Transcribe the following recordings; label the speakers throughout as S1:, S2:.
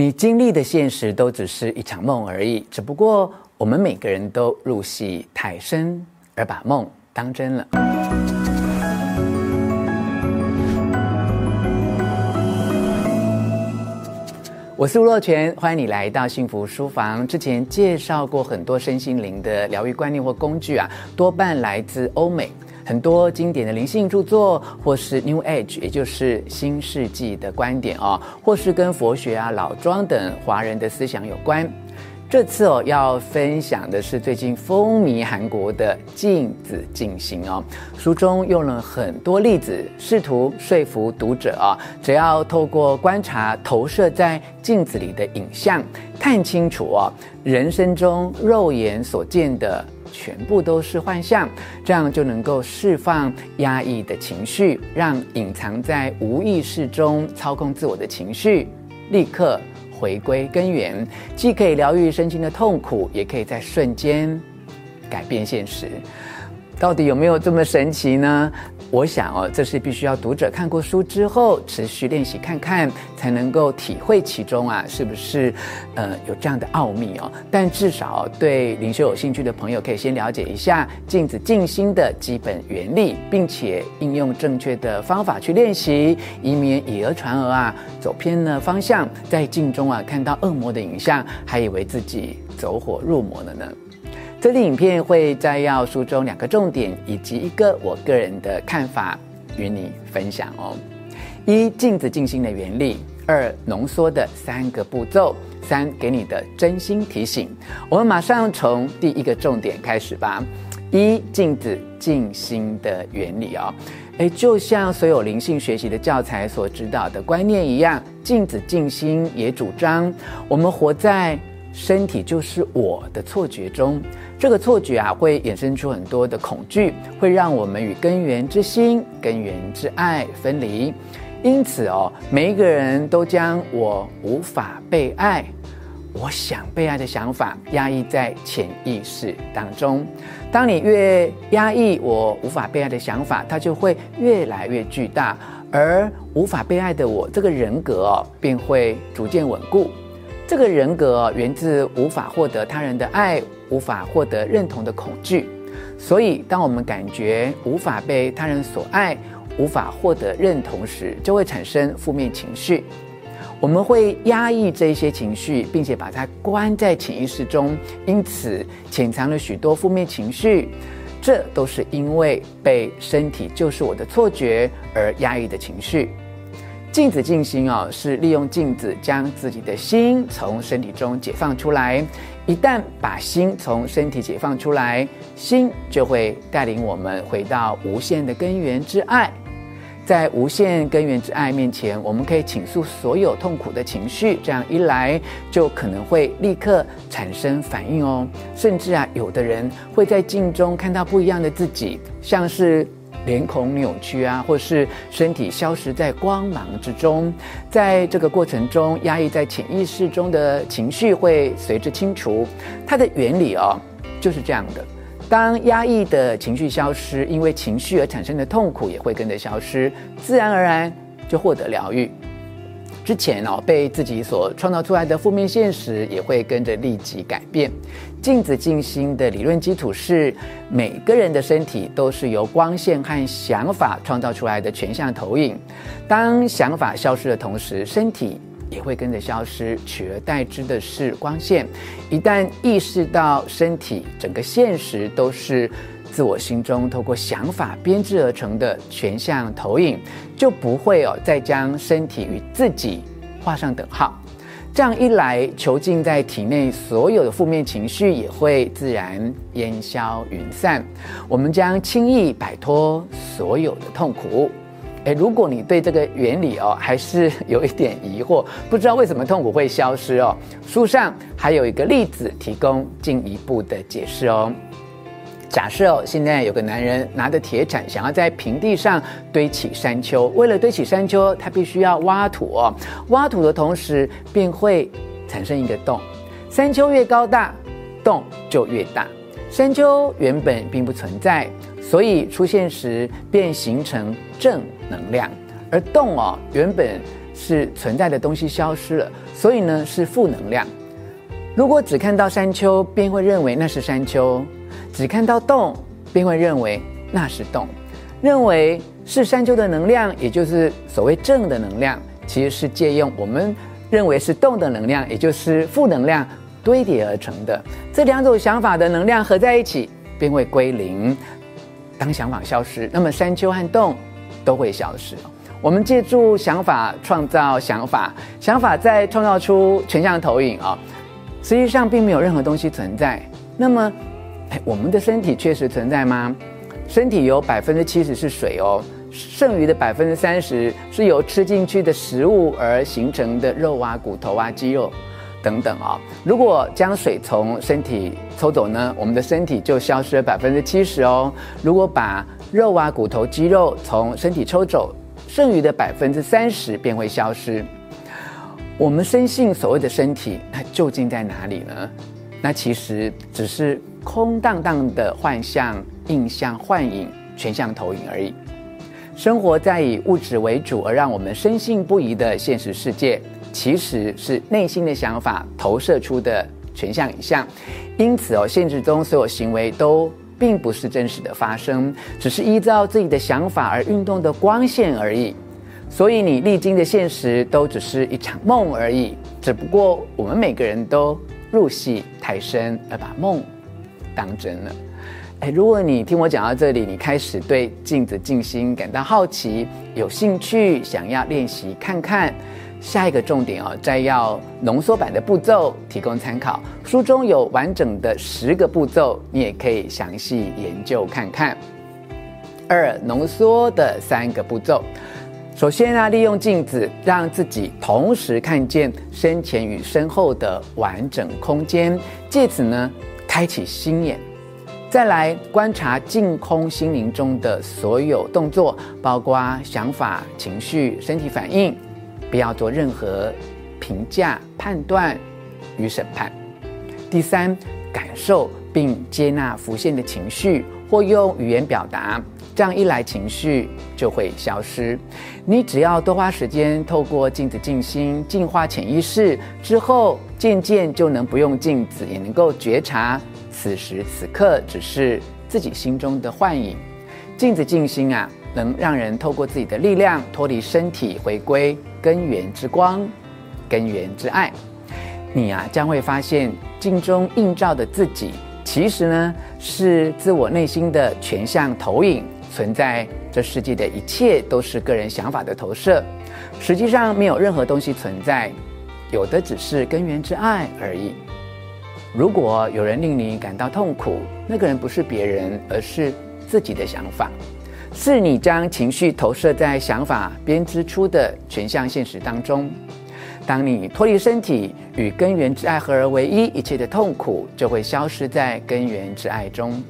S1: 你經歷的現實都只是一場夢而已，只不過我們每個人都入戲太深，而把夢當真了。 我是吳若權，歡迎你來到幸福書房。之前介紹過很多身心靈的療癒觀念或工具啊，多半來自歐美。很多經典的靈性著作，或是 New Age，也就是新世紀的觀點哦，或是跟佛學啊、老莊等華人的思想有關。這次哦，要分享的是最近風靡韓國的《鏡子靜心》哦。書中用了很多例子，試圖說服讀者哦，只要透過觀察投射在鏡子裡的影像，看清楚哦，人生中肉眼所見的。全部都是幻象，這樣就能夠釋放壓抑的情緒，讓隱藏在無意識中操控自我的情緒立刻回歸根源，既可以療癒身心的痛苦，也可以在瞬間改變現實。到底有沒有這麼神奇呢？我想哦，這是必須要讀者看過書之後持續練習看看，才能夠體會其中啊，是不是，呃，有這樣的奧祕哦。但至少對靈修有興趣的朋友，可以先了解一下鏡子靜心的基本原理，並且應用正確的方法去練習，以免以訛傳訛啊，走偏了方向，在鏡中啊看到惡魔的影像，還以為自己走火入魔了呢。這裡影片會摘要書中兩個重點以及一個我個人的看法與你分享哦。一、鏡子靜心的原理；二、濃縮的三個步驟；三、給你的真心提醒。我們馬上從第一個重點開始吧。一、鏡子靜心的原理哦，誒，就像所有靈性學習的教材所指導的觀念一樣，鏡子靜心也主張我們活在身體就是我的錯覺中，這個錯覺啊，會衍生出很多的恐懼，會讓我們與根源之心、根源之愛分離。因此哦，每一個人都將“我無法被愛，我想被愛”的想法壓抑在潛意識當中。當你越壓抑“我無法被愛”的想法，它就會越來越巨大，而無法被愛的我這個人格哦，便會逐漸穩固。這個人格源自無法獲得他人的愛、無法獲得認同的恐懼，所以當我們感覺無法被他人所愛、無法獲得認同時，就會產生負面情緒。我們會壓抑這一些情緒，並且把它關在潛意識中，因此潛藏了許多負面情緒。這都是因為被“身體就是我的”錯覺而壓抑的情緒。鏡子靜心哦，是利用鏡子將自己的心從身體中解放出來。一旦把心從身體解放出來，心就會帶領我們回到無限的根源之愛。在無限根源之愛面前，我們可以傾訴所有痛苦的情緒。這樣一來，就可能會立刻產生反應哦。甚至啊，有的人會在鏡中看到不一樣的自己，像是，臉孔扭曲啊，或是身體消失在光芒之中，在這個過程中，壓抑在潛意識中的情緒會隨之清除。它的原理哦，就是這樣的：當壓抑的情緒消失，因為情緒而產生的痛苦也會跟着消失，自然而然就獲得療癒。之前哦，被自己所創造出來的負面現實也會跟着立即改變。鏡子靜心的理論基礎是每個人的身體都是由光線和想法創造出來的全像投影。當想法消失的同時，身體也會跟着消失，取而代之的是光線。一旦意識到身體整個現實都是。自我心中透過想法編織而成的全像投影，就不會哦，再將身體與自己畫上等號。這樣一來，囚禁在體內所有的負面情緒也會自然煙消雲散。我們將輕易擺脫所有的痛苦。哎、欸，如果你對這個原理哦，還是有一點疑惑，不知道為什麼痛苦會消失哦，書上還有一個例子提供進一步的解釋哦。假設哦，現在有個男人拿着鐵鏟，想要在平地上堆起山丘。為了堆起山丘，他必須要挖土。挖土的同時，便會產生一個洞。山丘越高大，洞就越大。山丘原本並不存在，所以出現時便形成正能量；而洞哦，原本是存在的東西消失了，所以呢是負能量。如果只看到山丘，便會認為那是山丘；只看到洞，便會認為那是洞。認為是山丘的能量，也就是所謂正的能量，其實是借用我們認為是洞的能量，也就是負能量堆疊而成的。這兩種想法的能量合在一起，便會歸零。當想法消失，那麼山丘和洞都會消失。我們借助想法創造想法，想法再創造出全像投影啊。實際上並沒有任何東西存在。那麼，誒，我們的身體確實存在嗎？身體有百分之七十是水哦，剩餘的百分之三十是由吃進去的食物而形成的肉啊、骨頭啊、肌肉等等啊、哦。如果將水從身體抽走呢，我們的身體就消失了百分之七十哦。如果把肉啊、骨頭、肌肉從身體抽走，剩餘的百分之三十便會消失。我們深信所謂的身體，它究竟在哪裡呢？那其實只是空蕩蕩的幻象、印象、幻影、全像投影而已。生活在以物質為主而讓我們深信不疑的現實世界，其實是內心的想法投射出的全像影像。因此哦，現實中所有行為都並不是真實的發生，只是依照自己的想法而運動的光線而已。所以你歷經的現實都只是一場夢而已，只不過我們每個人都入戲太深，而把夢當真了。誒，如果你聽我講到這裡，你開始對鏡子靜心感到好奇、有興趣，想要練習看看。下一個重點哦，摘要濃縮版的步驟提供參考，書中有完整的十個步驟，你也可以詳細研究看看。二、濃縮的三個步驟。首先呢、啊，利用鏡子讓自己同時看見身前與身後的完整空間，借此呢開啟心眼，再來觀察淨空心靈中的所有動作，包括想法、情緒、身體反應，不要做任何評價、判斷與審判。第三，感受並接納浮現的情緒，或用語言表達。這樣一來，情緒就會消失。你只要多花時間透過鏡子靜心，淨化潛意識之後，漸漸就能不用鏡子也能夠覺察此時此刻只是自己心中的幻影。鏡子靜心啊，能讓人透過自己的力量脫離身體，回歸根源之光、根源之愛。你啊，將會發現鏡中映照的自己，其實呢，是自我內心的全像投影。存在這世界的一切都是個人想法的投射，實際上沒有任何東西存在，有的只是根源之愛而已。如果有人令你感到痛苦，那個人不是別人，而是自己的想法，是你將情緒投射在想法編織出的全像現實當中。當你脫離身體，與根源之愛合而為一，一切的痛苦就會消失在根源之愛中。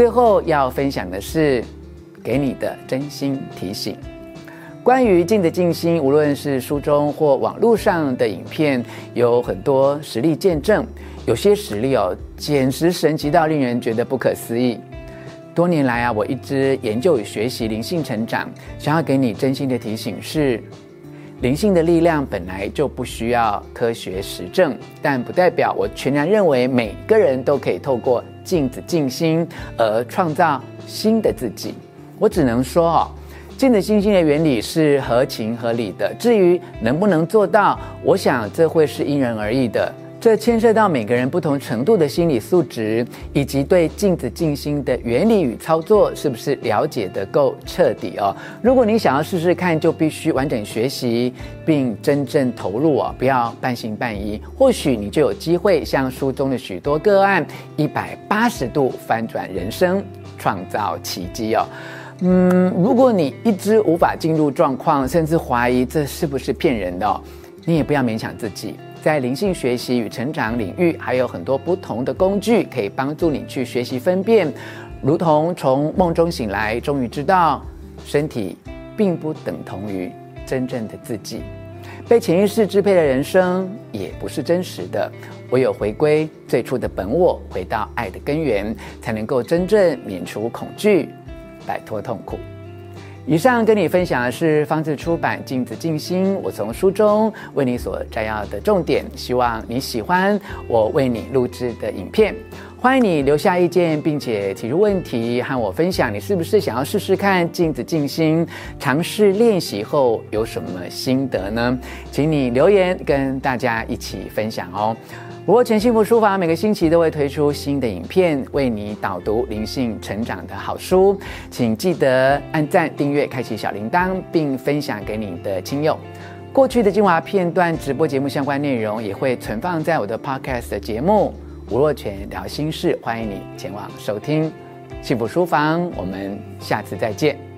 S1: 最後要分享的是，給你的真心提醒。關於鏡的靜心，無論是書中或網絡上的影片，有很多實例見證。有些實例哦，簡直神奇到令人覺得不可思議。多年來啊，我一直研究與學習靈性成長，想要給你真心的提醒是：靈性的力量本來就不需要科學實證，但不代表我全然認為每個人都可以透過。鏡子靜心而創造新的自己，我只能說哦，鏡子靜心的原理是合情合理的。至於能不能做到，我想這會是因人而異的。這牽涉到每個人不同程度的心理素質，以及對鏡子靜心的原理與操作是不是了解得夠徹底哦？如果你想要試試看，就必須完整學習並真正投入哦，不要半信半疑。或許你就有機會像書中的許多個案，一百八十度翻轉人生，創造奇蹟哦。嗯，如果你一直無法進入狀況，甚至懷疑這是不是騙人的，哦，你也不要勉強自己。在靈性學習與成長領域，還有很多不同的工具可以幫助你去學習分辨，如同從夢中醒來，終於知道身體並不等同於真正的自己，被潛意識支配的人生也不是真實的。唯有回歸最初的本我，回到愛的根源，才能夠真正免除恐懼，擺脫痛苦。以上跟你分享的是方智出版《鏡子靜心》，我從書中為你所摘要的重點，希望你喜歡我為你錄製的影片。歡迎你留下意見，並且提出問題和我分享。你是不是想要試試看鏡子靜心？嘗試練習後有什麼心得呢？請你留言跟大家一起分享哦。吳若權幸福書房每個星期都會推出新的影片，為你導讀靈性成長的好書，請記得按贊、訂閱、開啟小鈴鐺，並分享給你的親友。過去的精華片段、直播節目相關內容也會存放在我的 Podcast 的節目《吳若權聊心事》，歡迎你前往收聽。幸福書房，我們下次再見。